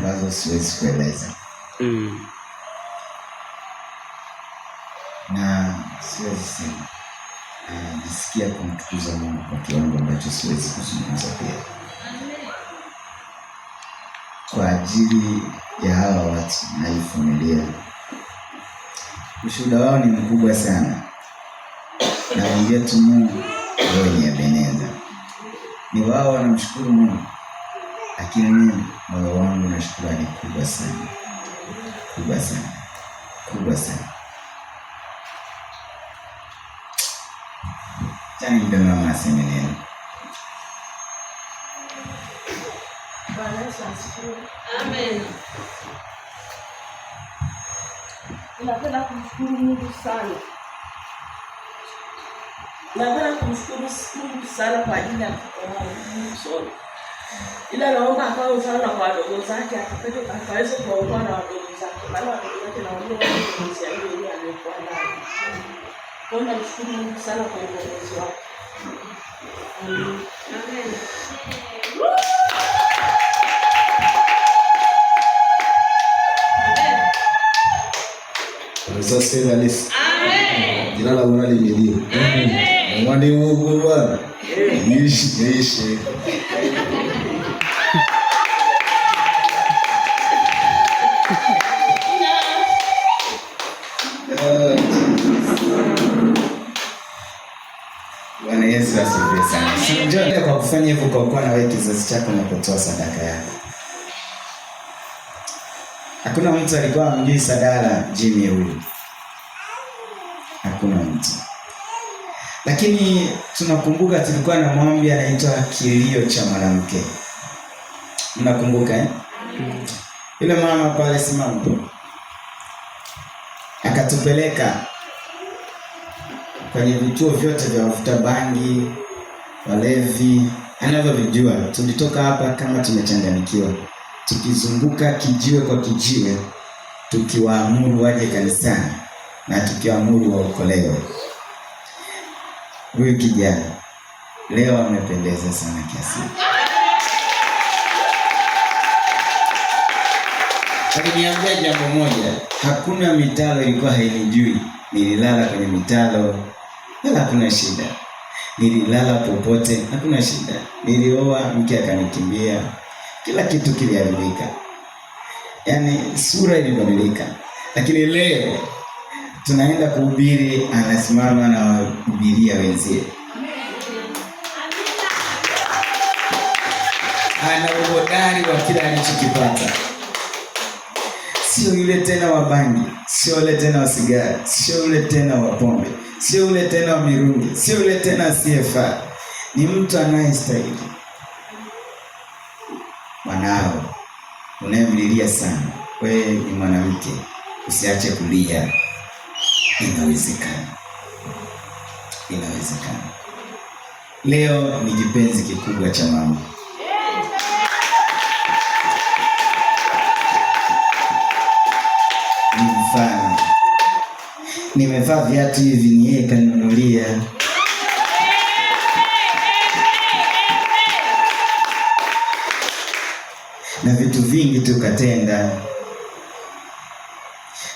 ambazo siwezi kueleza mm. na siwezi sema, najisikia kumtukuza Mungu kwa kiwango ambacho siwezi kuzungumza pia, kwa ajili ya hawa watu na hii familia. Ushuhuda wao ni mkubwa sana, na tu Mungu wenye beneza ni wao wanamshukuru Mungu lakini mimi moyo wangu na shukrani kubwa sana kubwa sana kubwa sana chani ndo aseme neno. Napenda kumshukuru Mungu sana, napenda kumshukuru Mungu sana kwa ajili ya mtoto wangu ila naomba akawe mfano na kwa wadogo zake, akaweze kuwaokoa na wadogo zake, maana wadogo zake nawaoaia aliyokuwa ndani. Kwa Kwayo namshukuru Mungu sana kwa ukombozi wake. Jina la Bwana lihimidiwe. Mwani Mungu Bwana. Ishi, ishi. wafanye hivyo kwa kuwa na wewe kizazi chako kutoa sadaka yako. Hakuna mtu alikuwa amjui Sadala Jimmy huyu, hakuna mtu lakini tunakumbuka tulikuwa na mwambi anaitwa kilio cha mwanamke, mnakumbuka eh? Ile mama pale simama akatupeleka kwenye vituo vyote vya mafuta bangi walevi anavyovijua. Tulitoka hapa kama tumechanganyikiwa, tukizunguka kijiwe kwa kijiwe, tukiwaamuru waje kanisani na tukiwaamuru waokolewe. Huyu kijana leo amependeza sana kiasi Aliniambia jambo moja, hakuna mitalo ilikuwa hainijui. Nililala kwenye mitalo wala hakuna shida nililala popote, hakuna shida. Nilioa, mke akanikimbia, kila kitu kiliharibika, yaani sura ilibadilika. Lakini leo tunaenda kuhubiri, anasimama na wahubiria wenzie, ana uhodari wa kila alichokipata. Sio yule tena wa bangi, sio yule tena wa sigara, sio yule tena wa pombe sio ule tena wa Mirungi, sio ule tena CFA, ni mtu anayestahili mwanao unayemlilia sana. Wewe ni mwanamke, usiache kulia. Inawezekana, inawezekana. Leo ni kipenzi kikubwa cha mama. Ni mfano nimevaa viatu hivi, ni yeye kaninunulia. na vitu vingi tu katenda.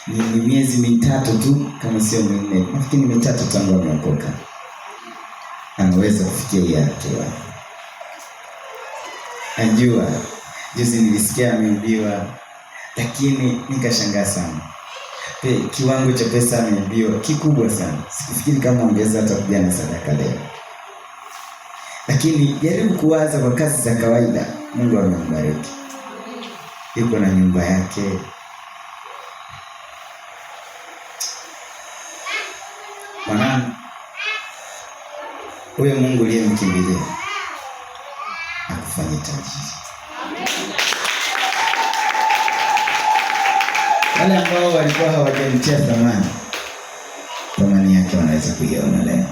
Ni miezi mitatu tu kama sio minne, nafikiri mitatu tangu ameokoka, ameweza kufikia hii hatua. Najua juzi nilisikia ameibiwa lakini nikashangaa sana Hey, kiwango cha pesa ameibiwa kikubwa sana. Sikufikiri kama ongeza hata na sadaka leo, lakini jaribu kuwaza kwa kazi za kawaida. Mungu amembariki, yuko na nyumba yake. Mwanangu, huyo Mungu uliyemkimbilia akufanye tajiri. Wale ambao walikuwa hawajanitia thamani, thamani yake wanaweza kuiona leo,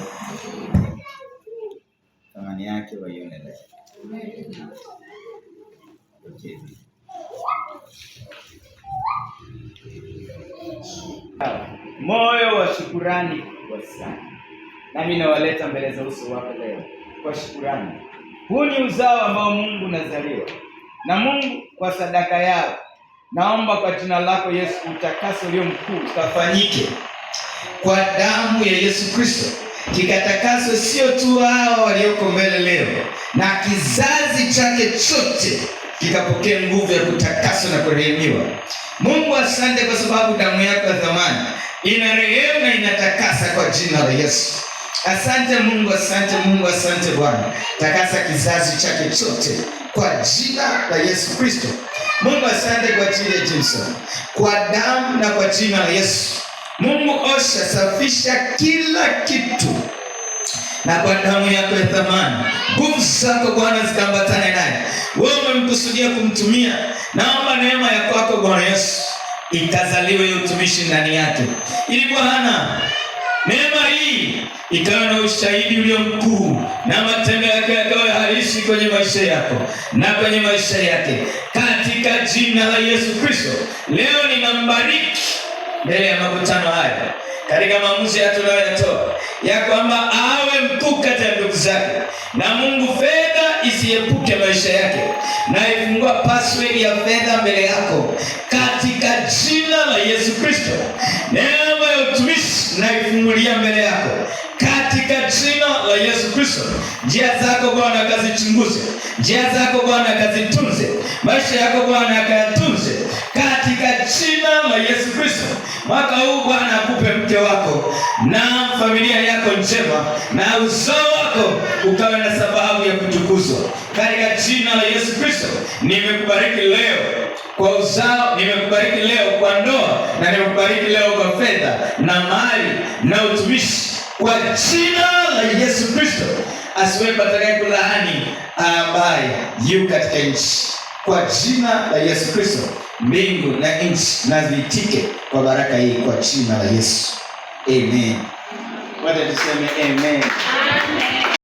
thamani yake waione leo. Moyo wa shukurani kwa sana, nami nawaleta mbele za uso wako leo kwa shukurani. Huu ni uzao ambao Mungu nazaliwa na Mungu kwa sadaka yao Naomba kwa jina lako Yesu, utakaso ulio mkuu ukafanyike kwa damu ya Yesu Kristo, kikatakaso sio tu hao walioko mbele leo, na kizazi chake chote kikapokea nguvu ya kutakaswa na kurehemiwa. Mungu, asante kwa sababu damu yako ya thamani ina rehema na inatakasa kwa jina la Yesu. Asante Mungu, asante Mungu, asante Bwana. Takasa kizazi chake chote kwa jina la Yesu Kristo. Mungu asante kwa ajili ya Yesu, kwa damu na kwa jina la Yesu. Mungu osha, safisha kila kitu na kwa damu yako ya thamani, nguvu zako Bwana zikambatane naye. Wewe umemkusudia kumtumia, naomba neema ya kwako Bwana Yesu itazaliwe utumishi ndani yake ili Bwana Neema hii ikawa na ushahidi ulio mkuu na matendo yake yakawa halisi kwenye maisha yako na kwenye maisha yake, katika jina la Yesu Kristo. Leo ninambariki mbele ya makutano haya katika maamuzi ya tunayoyatoa ya kwamba awe mkuu kati ya ndugu zake, na Mungu fedha isiepuke maisha yake, na ifungua password ya fedha mbele yako katika jina la Yesu Kristo kuchungulia mbele yako katika jina la Yesu Kristo. Njia zako Bwana akazichunguze, njia zako Bwana akazitunze, maisha yako Bwana akayatunze katika jina la Yesu Kristo. Mwaka huu Bwana akupe mke wako na familia yako njema na uzao wako ukawe na sababu ya kutukuzwa katika jina la Yesu Kristo. Nimekubariki leo kwa usawa Nimekubariki leo kwa ndoa na nimekubariki leo kwa fedha na mali na utumishi, kwa jina la Yesu Kristo. Asiwepo atakaye kulaani ambaye yu katika nchi, kwa jina la Yesu Kristo. Mbingu na nchi na zitike kwa baraka hii, kwa jina la Yesu. Amen. Wote tuseme amen. Amen.